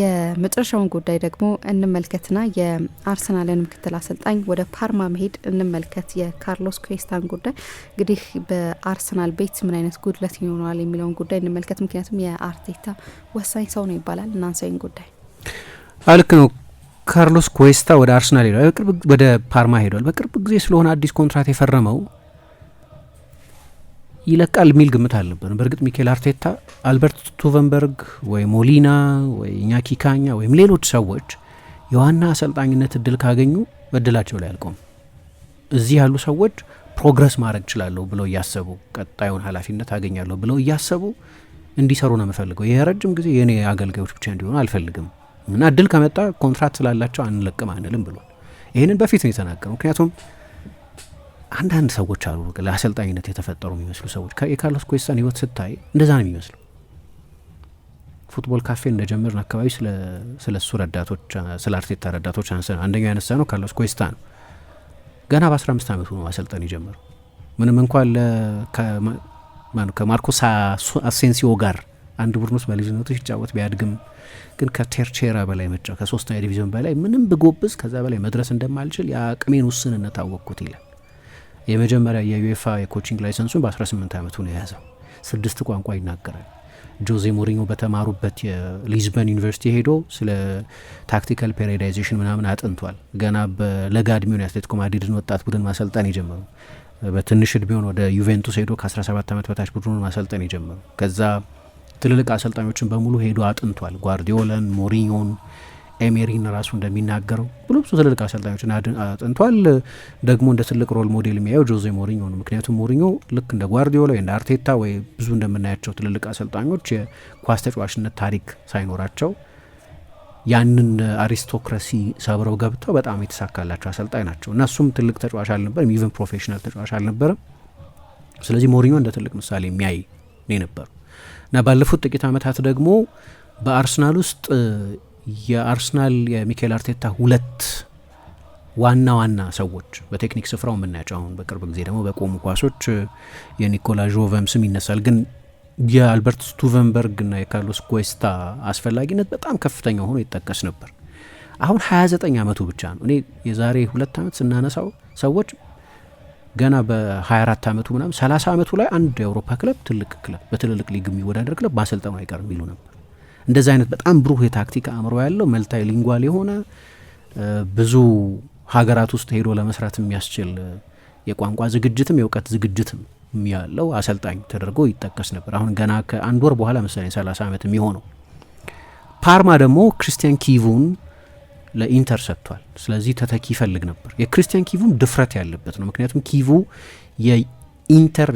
የመጨረሻውን ጉዳይ ደግሞ እንመልከትና የአርሰናልን ምክትል አሰልጣኝ ወደ ፓርማ መሄድ እንመልከት። የካርሎስ ኩዌስታን ጉዳይ እንግዲህ በአርሰናል ቤት ምን አይነት ጉድለት ይኖረዋል የሚለውን ጉዳይ እንመልከት። ምክንያቱም የአርቴታ ወሳኝ ሰው ነው ይባላል። እናንሳይን ጉዳይ አልክ ነው። ካርሎስ ኩዌስታ ወደ አርሰናል ሄዷል፣ ወደ ፓርማ ሄዷል። በቅርብ ጊዜ ስለሆነ አዲስ ኮንትራት የፈረመው ይለቃል የሚል ግምት አልነበርም። በእርግጥ ሚኬል አርቴታ፣ አልበርት ቱቨንበርግ ወይ ሞሊና ወይ ኢኛኪ ካኛ ወይም ሌሎች ሰዎች የዋና አሰልጣኝነት እድል ካገኙ እድላቸው ላይ አልቆም። እዚህ ያሉ ሰዎች ፕሮግረስ ማድረግ እችላለሁ ብለው እያሰቡ ቀጣዩን ኃላፊነት አገኛለሁ ብለው እያሰቡ እንዲሰሩ ነው የምፈልገው። የረጅም ጊዜ የእኔ አገልጋዮች ብቻ እንዲሆኑ አልፈልግም እና እድል ከመጣ ኮንትራት ስላላቸው አንለቅም አንልም ብሏል። ይህንን በፊት ነው የተናገረው። ምክንያቱም አንዳንድ ሰዎች አሉ ለአሰልጣኝነት የተፈጠሩ የሚመስሉ ሰዎች። የካርሎስ ኩዌሳን ህይወት ስታይ እንደዛ ነው የሚመስለው። ፉትቦል ካፌ እንደጀመርን አካባቢ ስለ እሱ ረዳቶች፣ ስለ አርቴታ ረዳቶች አንስ አንደኛው ያነሳ ነው ካርሎስ ኩዌሳ ነው። ገና በአስራ አምስት ዓመቱ ነው አሰልጠን የጀመረው። ምንም እንኳን ከማርኮ አሴንሲዮ ጋር አንድ ቡድን ውስጥ በልጅነቱ ሲጫወት ቢያድግም ግን ከቴርቼራ በላይ መጫ ከሶስተኛ ዲቪዚዮን በላይ ምንም ብጎብዝ ከዛ በላይ መድረስ እንደማልችል የአቅሜን ውስንነት አወቅኩት ይላል። የመጀመሪያ የዩኤፋ የኮቺንግ ላይሰንሱን በ18 ዓመቱ ነው የያዘው። ስድስት ቋንቋ ይናገራል። ጆዜ ሞሪኞ በተማሩበት የሊዝበን ዩኒቨርሲቲ ሄዶ ስለ ታክቲካል ፔሬዳይዜሽን ምናምን አጥንቷል። ገና በለጋ እድሜውን የአትሌቲኮ ማድሪድን ወጣት ቡድን ማሰልጠን የጀመሩ በትንሽ እድሜውን ወደ ዩቬንቱስ ሄዶ ከ17 ዓመት በታች ቡድኑን ማሰልጠን የጀመሩ ከዛ ትልልቅ አሰልጣኞችን በሙሉ ሄዶ አጥንቷል። ጓርዲዮለን ሞሪኞን ኤሜሪን ራሱ እንደሚናገረው ብሎ ብዙ ትልልቅ አሰልጣኞችን አጥንቷል። ደግሞ እንደ ትልቅ ሮል ሞዴል የሚያየው ጆዜ ሞሪኞ ነው። ምክንያቱም ሞሪኞ ልክ እንደ ጓርዲዮላ ወይ እንደ አርቴታ ወይ ብዙ እንደምናያቸው ትልልቅ አሰልጣኞች የኳስ ተጫዋችነት ታሪክ ሳይኖራቸው ያንን አሪስቶክራሲ ሰብረው ገብተው በጣም የተሳካላቸው አሰልጣኝ ናቸው እና እሱም ትልቅ ተጫዋች አልነበረም፣ ኢቨን ፕሮፌሽናል ተጫዋች አልነበረም። ስለዚህ ሞሪኞ እንደ ትልቅ ምሳሌ የሚያይ ነው የነበሩ እና ባለፉት ጥቂት ዓመታት ደግሞ በአርሰናል ውስጥ የአርሰናል የሚካኤል አርቴታ ሁለት ዋና ዋና ሰዎች በቴክኒክ ስፍራው የምናያቸው አሁን በቅርብ ጊዜ ደግሞ በቆሙ ኳሶች የኒኮላ ጆቨም ስም ይነሳል። ግን የአልበርት ስቱቨንበርግ እና የካርሎስ ኮስታ አስፈላጊነት በጣም ከፍተኛ ሆኖ ይጠቀስ ነበር። አሁን 29 ዓመቱ ብቻ ነው። እኔ የዛሬ ሁለት ዓመት ስናነሳው ሰዎች ገና በ24 ዓመቱ ምናምን 30 ዓመቱ ላይ አንድ የአውሮፓ ክለብ ትልቅ ክለብ በትልልቅ ሊግ የሚወዳደር ክለብ ማሰልጠኑ አይቀርም ይሉ ነበር። እንደዚህ አይነት በጣም ብሩህ የታክቲክ አእምሮ ያለው መልታይ ሊንጓል የሆነ ብዙ ሀገራት ውስጥ ሄዶ ለመስራት የሚያስችል የቋንቋ ዝግጅትም የእውቀት ዝግጅትም ያለው አሰልጣኝ ተደርጎ ይጠቀስ ነበር። አሁን ገና ከአንድ ወር በኋላ መሰለኝ 30 ዓመት የሚሆነው። ፓርማ ደግሞ ክሪስቲያን ኪቩን ለኢንተር ሰጥቷል። ስለዚህ ተተኪ ይፈልግ ነበር። የክሪስቲያን ኪቩን ድፍረት ያለበት ነው። ምክንያቱም ኪቩ ኢንተር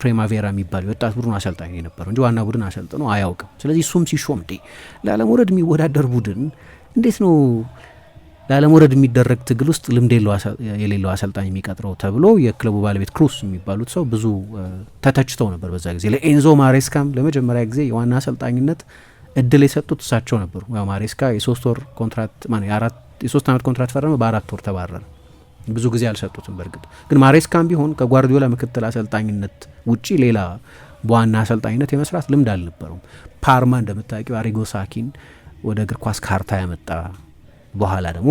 ፕሪማቬራ የሚባል የወጣት ቡድኑ አሰልጣኝ የነበረው እንጂ ዋና ቡድን አሰልጥኖ አያውቅም። ስለዚህ እሱም ሲሾም እንዴ ለአለመውረድ የሚወዳደር ቡድን እንዴት ነው ለአለመውረድ የሚደረግ ትግል ውስጥ ልምድ የሌለው አሰልጣኝ የሚቀጥረው ተብሎ የክለቡ ባለቤት ክሩስ የሚባሉት ሰው ብዙ ተተችተው ነበር። በዛ ጊዜ ለኤንዞ ማሬስካም ለመጀመሪያ ጊዜ የዋና አሰልጣኝነት እድል የሰጡት እሳቸው ነበሩ። ማሬስካ የሶስት ወር ኮንትራት የአራት የሶስት ዓመት ኮንትራት ፈረመ፣ በአራት ወር ተባረረ። ብዙ ጊዜ አልሰጡትም። በእርግጥ ግን ማሬስካም ቢሆን ከጓርዲዮላ ምክትል አሰልጣኝነት ውጪ ሌላ በዋና አሰልጣኝነት የመስራት ልምድ አልነበረውም። ፓርማ እንደምታውቂው አሪጎ ሳኪን ወደ እግር ኳስ ካርታ ያመጣ በኋላ ደግሞ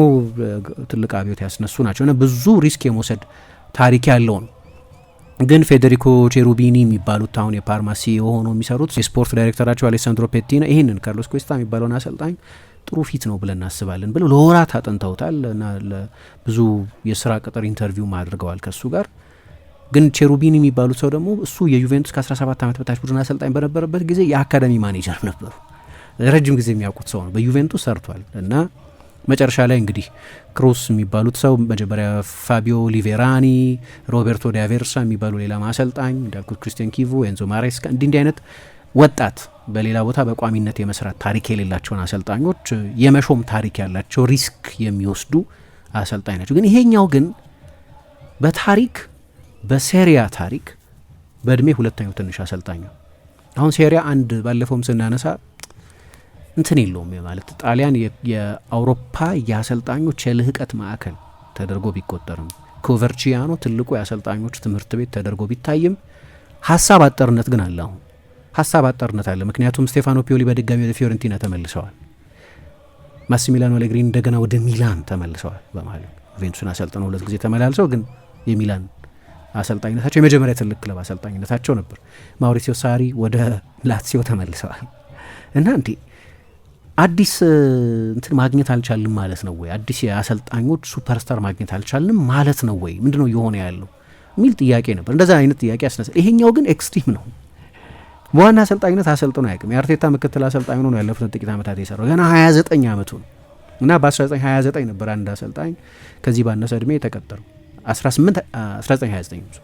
ትልቅ አብዮት ያስነሱ ናቸው እና ብዙ ሪስክ የመውሰድ ታሪክ ያለው ነው። ግን ፌዴሪኮ ቼሩቢኒ የሚባሉት አሁን የፓርማ ሲኢኦ የሚሰሩት የስፖርት ዳይሬክተራቸው አሌሳንድሮ ፔቲና ይህንን ካርሎስ ኮስታ የሚባለውን አሰልጣኝ ጥሩ ፊት ነው ብለን እናስባለን ብለው ለወራት አጠንተውታል እና ብዙ የስራ ቅጥር ኢንተርቪው አድርገዋል ከእሱ ጋር። ግን ቼሩቢኒ የሚባሉት ሰው ደግሞ እሱ የዩቬንቱስ ከ17 ዓመት በታች ቡድን አሰልጣኝ በነበረበት ጊዜ የአካደሚ ማኔጀር ነበሩ። ረጅም ጊዜ የሚያውቁት ሰው ነው። በዩቬንቱስ ሰርቷል እና መጨረሻ ላይ እንግዲህ ክሮስ የሚባሉት ሰው መጀመሪያ ፋቢዮ ሊቬራኒ፣ ሮቤርቶ ዲያቬርሳ የሚባሉ ሌላ ማሰልጣኝ እንዳልኩት ክሪስቲያን ኪቮ፣ ኤንዞ ማሬስካ እንዲህ እንዲህ አይነት ወጣት በሌላ ቦታ በቋሚነት የመስራት ታሪክ የሌላቸውን አሰልጣኞች የመሾም ታሪክ ያላቸው ሪስክ የሚወስዱ አሰልጣኝ ናቸው። ግን ይሄኛው ግን በታሪክ በሴሪያ ታሪክ በእድሜ ሁለተኛው ትንሽ አሰልጣኝ ነው። አሁን ሴሪያ አንድ ባለፈውም ስናነሳ እንትን የለውም ማለት ጣሊያን የአውሮፓ የአሰልጣኞች የልህቀት ማዕከል ተደርጎ ቢቆጠርም ኮቨርቺያኖ ትልቁ የአሰልጣኞች ትምህርት ቤት ተደርጎ ቢታይም ሀሳብ አጠርነት ግን አለ አሁን ሀሳብ አጠርነት አለ። ምክንያቱም ስቴፋኖ ፒዮሊ በድጋሚ ወደ ፊዮረንቲና ተመልሰዋል። ማሲሚሊያኖ አሌግሪኒ እንደገና ወደ ሚላን ተመልሰዋል። በመሀል ዩቬንቱስን አሰልጥነው ሁለት ጊዜ ተመላልሰው ግን የሚላን አሰልጣኝነታቸው የመጀመሪያ ትልቅ ክለብ አሰልጣኝነታቸው ነበር። ማውሪሲዮ ሳሪ ወደ ላትሲዮ ተመልሰዋል እና እንዴ አዲስ እንትን ማግኘት አልቻልም ማለት ነው ወይ? አዲስ የአሰልጣኞች ሱፐርስታር ማግኘት አልቻልም ማለት ነው ወይ? ምንድነው የሆነ ያለው የሚል ጥያቄ ነበር። እንደዛ አይነት ጥያቄ ያስነሳል። ይሄኛው ግን ኤክስትሪም ነው። በዋና አሰልጣኝነት አሰልጥኖ አያውቅም። የአርቴታ ምክትል አሰልጣኝ ሆኖ ነው ያለፉትን ጥቂት ዓመታት የሰራው። ገና 29 ዓመቱ ነው እና በ1929 ነበር አንድ አሰልጣኝ ከዚህ ባነሰ እድሜ የተቀጠሩ 1829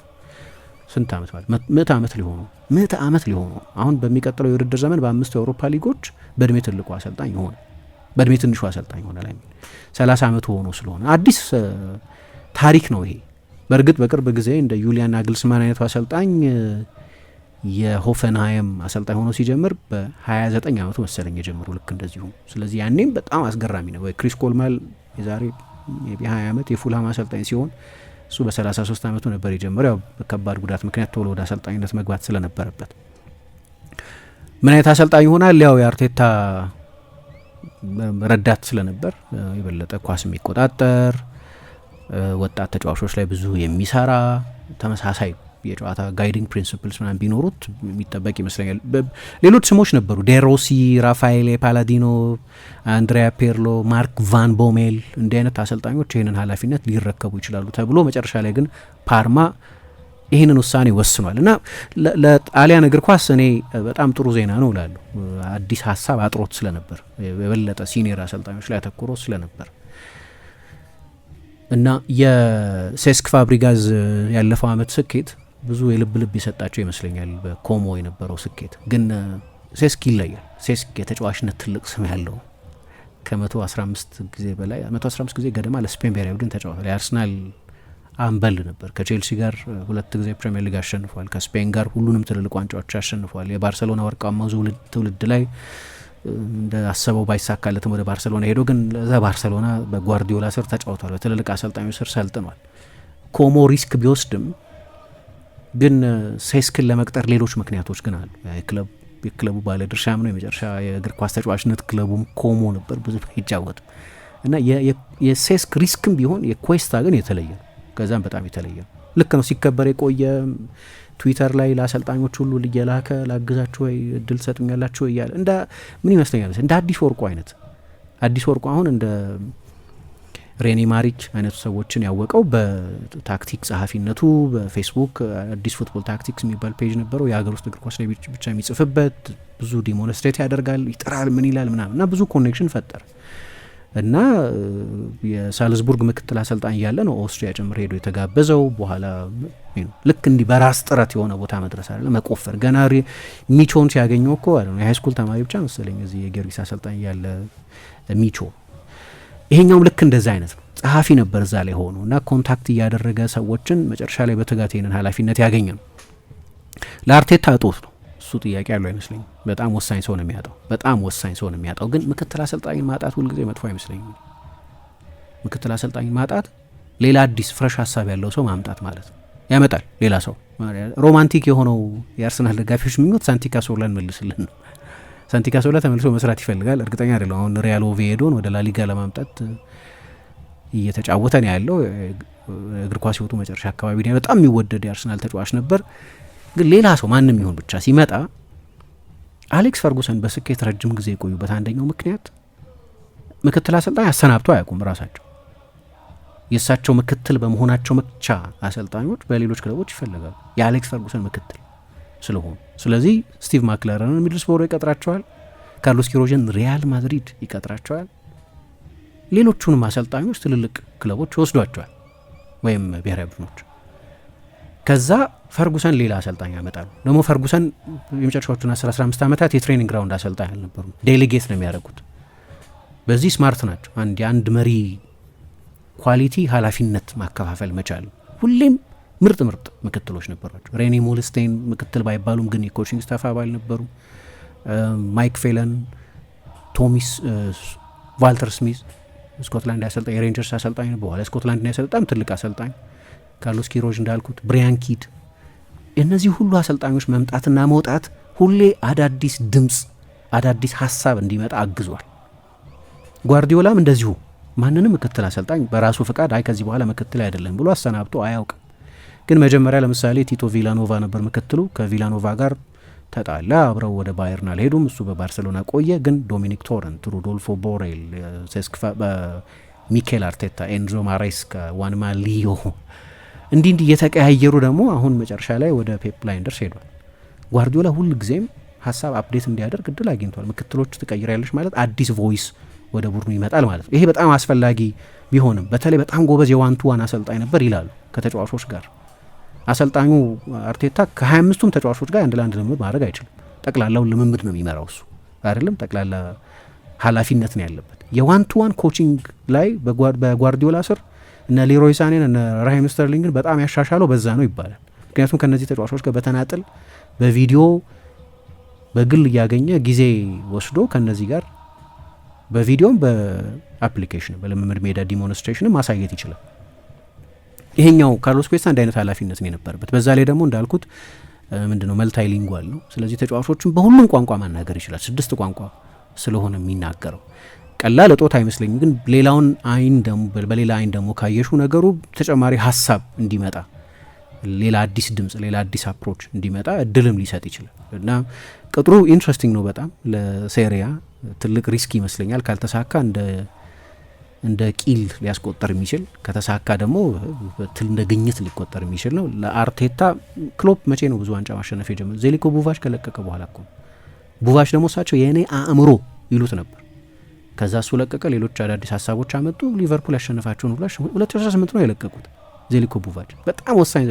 ስንት ዓመት ማለት ምዕት ዓመት ሊሆኑ ምዕት ዓመት ሊሆኑ አሁን በሚቀጥለው የውድድር ዘመን በአምስቱ የአውሮፓ ሊጎች በእድሜ ትልቁ አሰልጣኝ ሆነ በእድሜ ትንሹ አሰልጣኝ ሆነ ላይ 30 ዓመቱ ሆኖ ስለሆነ አዲስ ታሪክ ነው ይሄ። በእርግጥ በቅርብ ጊዜ እንደ ዩሊያን ናግልስማን አይነቱ አሰልጣኝ የሆፈንሃይም አሰልጣኝ ሆኖ ሲጀምር በ29 ዓመቱ መሰለኝ የጀምሩ ልክ እንደዚሁ። ስለዚህ ያኔም በጣም አስገራሚ ነው። ክሪስ ኮልማል የዛሬ የ20 ዓመት የፉልሃም አሰልጣኝ ሲሆን እሱ በ33 ዓመቱ ነበር የጀመረው። ያው በከባድ ጉዳት ምክንያት ቶሎ ወደ አሰልጣኝነት መግባት ስለነበረበት ምን አይነት አሰልጣኝ ይሆናል? ያው የአርቴታ ረዳት ስለነበር የበለጠ ኳስ የሚቆጣጠር ወጣት ተጫዋቾች ላይ ብዙ የሚሰራ ተመሳሳይ የጨዋታ ጋይዲንግ ፕሪንስፕልስ ምናምን ቢኖሩት የሚጠበቅ ይመስለኛል። ሌሎች ስሞች ነበሩ፣ ዴሮሲ፣ ራፋኤሌ ፓላዲኖ፣ አንድሪያ ፔርሎ፣ ማርክ ቫን ቦሜል እንዲህ አይነት አሰልጣኞች ይህንን ኃላፊነት ሊረከቡ ይችላሉ ተብሎ መጨረሻ ላይ ግን ፓርማ ይህንን ውሳኔ ወስኗል እና ለጣሊያን እግር ኳስ እኔ በጣም ጥሩ ዜና ነው እላለሁ። አዲስ ሀሳብ አጥሮት ስለነበር የበለጠ ሲኒየር አሰልጣኞች ላይ አተኩሮ ስለነበር እና የሴስክ ፋብሪጋዝ ያለፈው አመት ስኬት ብዙ የልብ ልብ የሰጣቸው ይመስለኛል። በኮሞ የነበረው ስኬት ግን ሴስክ ይለያል። ሴስክ የተጫዋችነት ትልቅ ስም ያለው ከ115 ጊዜ በላይ 115 ጊዜ ገደማ ለስፔን ብሔራዊ ቡድን ተጫውቷል። የአርሰናል አምበል ነበር። ከቼልሲ ጋር ሁለት ጊዜ ፕሪምየር ሊግ አሸንፏል። ከስፔን ጋር ሁሉንም ትልልቅ ዋንጫዎች አሸንፏል። የባርሰሎና ወርቃማው ትውልድ ላይ እንደ አሰበው ባይሳካለትም ወደ ባርሰሎና ሄዶ ግን ለዛ ባርሰሎና በጓርዲዮላ ስር ተጫውቷል። በትልልቅ አሰልጣኞች ስር ሰልጥኗል። ኮሞ ሪስክ ቢወስድም ግን ሴስክን ለመቅጠር ሌሎች ምክንያቶች ግን አሉ። የክለቡ ባለድርሻም ነው። የመጨረሻ የእግር ኳስ ተጫዋችነት ክለቡም ኮሞ ነበር፣ ብዙ አይጫወትም እና የሴስክ ሪስክም ቢሆን የኮስታ ግን የተለየ ነው። ከዛም በጣም የተለየ ነው። ልክ ነው። ሲከበር የቆየ ትዊተር ላይ ለአሰልጣኞች ሁሉ እየላከ ላግዛችሁ ወይ እድል ሰጡኛላችሁ እያለ እንደ ምን ይመስለኛል እንደ አዲስ ወርቁ አይነት አዲስ ወርቁ አሁን እንደ ሬኒ ማሪች አይነቱ ሰዎችን ያወቀው በታክቲክ ጸሐፊነቱ በፌስቡክ አዲስ ፉትቦል ታክቲክስ የሚባል ፔጅ ነበረው። የሀገር ውስጥ እግር ኳስ ላይ ብቻ የሚጽፍበት ብዙ ዲሞነስትሬት ያደርጋል፣ ይጥራል፣ ምን ይላል ምናምን እና ብዙ ኮኔክሽን ፈጠረ እና የሳልዝቡርግ ምክትል አሰልጣኝ ያለ ነው ኦስትሪያ ጭምር ሄዶ የተጋበዘው። በኋላ ልክ እንዲህ በራስ ጥረት የሆነ ቦታ መድረስ አለ መቆፈር። ገና ሚቾን ሲያገኘው እኮ የሃይስኩል ተማሪ ብቻ መሰለኝ እዚህ የጊዮርጊስ አሰልጣኝ ያለ ሚቾ ይሄኛውም ልክ እንደዛ አይነት ነው። ጸሐፊ ነበር እዛ ላይ ሆኖ እና ኮንታክት እያደረገ ሰዎችን መጨረሻ ላይ በትጋት ይህንን ኃላፊነት ያገኘ ነው። ለአርቴታ እጦት ነው እሱ ጥያቄ ያለው አይመስለኝም። በጣም ወሳኝ ሰው ነው የሚያጣው፣ በጣም ወሳኝ ሰው ነው የሚያጣው። ግን ምክትል አሰልጣኝ ማጣት ሁልጊዜ መጥፎ አይመስለኝም። ምክትል አሰልጣኝ ማጣት ሌላ አዲስ ፍረሽ ሀሳብ ያለው ሰው ማምጣት ማለት ነው። ያመጣል ሌላ ሰው። ሮማንቲክ የሆነው የአርሰናል ደጋፊዎች ምኞት ሳንቲ ካዞርላን መልስልን ነው ሳንቲካሶላ ተመልሶ መስራት ይፈልጋል። እርግጠኛ አይደለም። አሁን ሪያል ኦቪዬዶን ወደ ላሊጋ ለማምጣት እየተጫወተ ነው ያለው። እግር ኳስ ሕይወቱ መጨረሻ አካባቢ ላይ በጣም የሚወደድ የአርሰናል ተጫዋች ነበር። ግን ሌላ ሰው ማንም ይሁን ብቻ ሲመጣ አሌክስ ፈርጉሰን በስኬት ረጅም ጊዜ የቆዩበት አንደኛው ምክንያት ምክትል አሰልጣኝ አሰናብቶ አያውቁም። ራሳቸው የእሳቸው ምክትል በመሆናቸው ብቻ አሰልጣኞች በሌሎች ክለቦች ይፈለጋሉ። የአሌክስ ፈርጉሰን ምክትል ስለሆኑ ስለዚህ ስቲቭ ማክላረንን ሚድልስብሮ ይቀጥራቸዋል። ካርሎስ ኪሮዥን ሪያል ማድሪድ ይቀጥራቸዋል። ሌሎቹንም አሰልጣኞች ትልልቅ ክለቦች ወስዷቸዋል፣ ወይም ብሔራዊ ቡድኖች። ከዛ ፈርጉሰን ሌላ አሰልጣኝ ያመጣሉ። ደግሞ ፈርጉሰን የመጨረሻዎቹን 15 ዓመታት የትሬኒንግ ግራውንድ አሰልጣኝ አልነበሩም። ዴሌጌት ነው የሚያደርጉት። በዚህ ስማርት ናቸው። አንድ የአንድ መሪ ኳሊቲ ኃላፊነት ማከፋፈል መቻል ሁሌም ምርጥ ምርጥ ምክትሎች ነበሯቸው። ሬኒ ሞልስቴን ምክትል ባይባሉም ግን የኮችንግ ስታፍ አባል ነበሩ። ማይክ ፌለን፣ ቶሚስ ቫልተር ስሚዝ ስኮትላንድ አሰልጣኝ የሬንጀርስ አሰልጣኝ ነው። በኋላ ስኮትላንድ ነው ያሰልጣኝ፣ ትልቅ አሰልጣኝ ካርሎስ ኪሮጅ እንዳልኩት፣ ብሪያን ኪድ፣ እነዚህ ሁሉ አሰልጣኞች መምጣትና መውጣት ሁሌ አዳዲስ ድምፅ አዳዲስ ሀሳብ እንዲመጣ አግዟል። ጓርዲዮላም እንደዚሁ ማንንም ምክትል አሰልጣኝ በራሱ ፍቃድ አይ ከዚህ በኋላ ምክትል አይደለም ብሎ አሰናብቶ አያውቅ። ግን መጀመሪያ ለምሳሌ ቲቶ ቪላኖቫ ነበር ምክትሉ። ከቪላኖቫ ጋር ተጣላ። አብረው ወደ ባየርን አልሄዱም። እሱ በባርሴሎና ቆየ። ግን ዶሚኒክ ቶረንት፣ ሩዶልፎ ቦሬል፣ ሚኬል አርቴታ፣ ኤንዞ ማሬስካ፣ ዋንማ ሊዮ እንዲህ እንዲህ እየተቀያየሩ ደግሞ አሁን መጨረሻ ላይ ወደ ፔፕ ብላይንደርስ ሄዷል። ጓርዲዮላ ሁል ጊዜም ሀሳብ አፕዴት እንዲያደርግ እድል አግኝቷል። ትቀይር ያለች ማለት አዲስ ቮይስ ወደ ቡድኑ ይመጣል ማለት ነው። ይሄ በጣም አስፈላጊ ቢሆንም በተለይ በጣም ጎበዝ የዋንቱ ዋን አሰልጣኝ ነበር ይላሉ ከተጫዋቾች ጋር አሰልጣኙ አርቴታ ከ 25 ተጫዋቾች ጋር አንድ ለአንድ ልምምድ ማድረግ አይችልም። ጠቅላላውን ልምምድ ነው የሚመራው እሱ አይደለም። ጠቅላላ ኃላፊነት ነው ያለበት። የዋን ቱ ዋን ኮቺንግ ላይ በጓርዲዮላ ስር እነ ሌሮይ ሳኔን እነ ራሂም ስተርሊንግን በጣም ያሻሻለው በዛ ነው ይባላል። ምክንያቱም ከእነዚህ ተጫዋቾች ጋር በተናጥል በቪዲዮ በግል እያገኘ ጊዜ ወስዶ ከእነዚህ ጋር በቪዲዮም በአፕሊኬሽን በልምምድ ሜዳ ዲሞንስትሬሽንም ማሳየት ይችላል። ይሄኛው ካርሎስ ኩዌሳ እንዲህ አይነት ኃላፊነት ነው የነበረበት። በዛ ላይ ደግሞ እንዳልኩት ምንድነው መልታይ ሊንጓል ነው። ስለዚህ ተጫዋቾችን በሁሉም ቋንቋ ማናገር ይችላል። ስድስት ቋንቋ ስለሆነ የሚናገረው ቀላል እጦት አይመስለኝም። ግን ሌላውን አይን ደሞ በሌላ አይን ደግሞ ካየሹ ነገሩ ተጨማሪ ሀሳብ እንዲመጣ ሌላ አዲስ ድምጽ፣ ሌላ አዲስ አፕሮች እንዲመጣ እድልም ሊሰጥ ይችላል እና ቅጥሩ ኢንትረስቲንግ ነው በጣም ለሴሪያ ትልቅ ሪስክ ይመስለኛል ካልተሳካ እንደ እንደ ቂል ሊያስቆጠር የሚችል ከተሳካ ደግሞ እንደ ግኝት ሊቆጠር የሚችል ነው። ለአርቴታ ክሎፕ መቼ ነው ብዙ ዋንጫ ማሸነፍ የጀመረ? ዜሊኮ ቡቫሽ ከለቀቀ በኋላ እኮ ቡቫሽ ደግሞ እሳቸው የእኔ አእምሮ ይሉት ነበር። ከዛ እሱ ለቀቀ፣ ሌሎች አዳዲስ ሀሳቦች አመጡ። ሊቨርፑል ያሸነፋቸውን ብላ 2018 ነው የለቀቁት ዜሊኮ ቡቫች በጣም ወሳኝ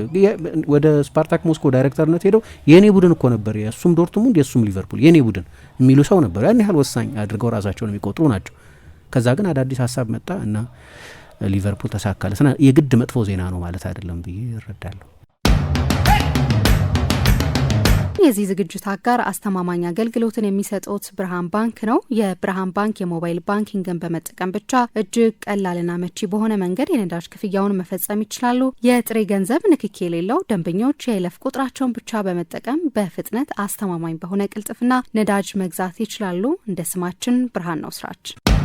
ወደ ስፓርታክ ሞስኮ ዳይሬክተርነት ሄደው የእኔ ቡድን እኮ ነበር የእሱም ዶርትሙንድ የእሱም ሊቨርፑል የእኔ ቡድን የሚሉ ሰው ነበር። ያን ያህል ወሳኝ አድርገው ራሳቸውን የሚቆጥሩ ናቸው። ከዛ ግን አዳዲስ ሀሳብ መጣ እና ሊቨርፑል ተሳካለት እና የግድ መጥፎ ዜና ነው ማለት አይደለም ብዬ ይረዳለሁ የዚህ ዝግጅት አጋር አስተማማኝ አገልግሎትን የሚሰጡት ብርሃን ባንክ ነው። የብርሃን ባንክ የሞባይል ባንኪንግን በመጠቀም ብቻ እጅግ ቀላልና መቺ በሆነ መንገድ የነዳጅ ክፍያውን መፈጸም ይችላሉ። የጥሬ ገንዘብ ንክኪ የሌለው ደንበኞች የይለፍ ቁጥራቸውን ብቻ በመጠቀም በፍጥነት አስተማማኝ በሆነ ቅልጥፍና ነዳጅ መግዛት ይችላሉ። እንደ ስማችን ብርሃን ነው ስራችን።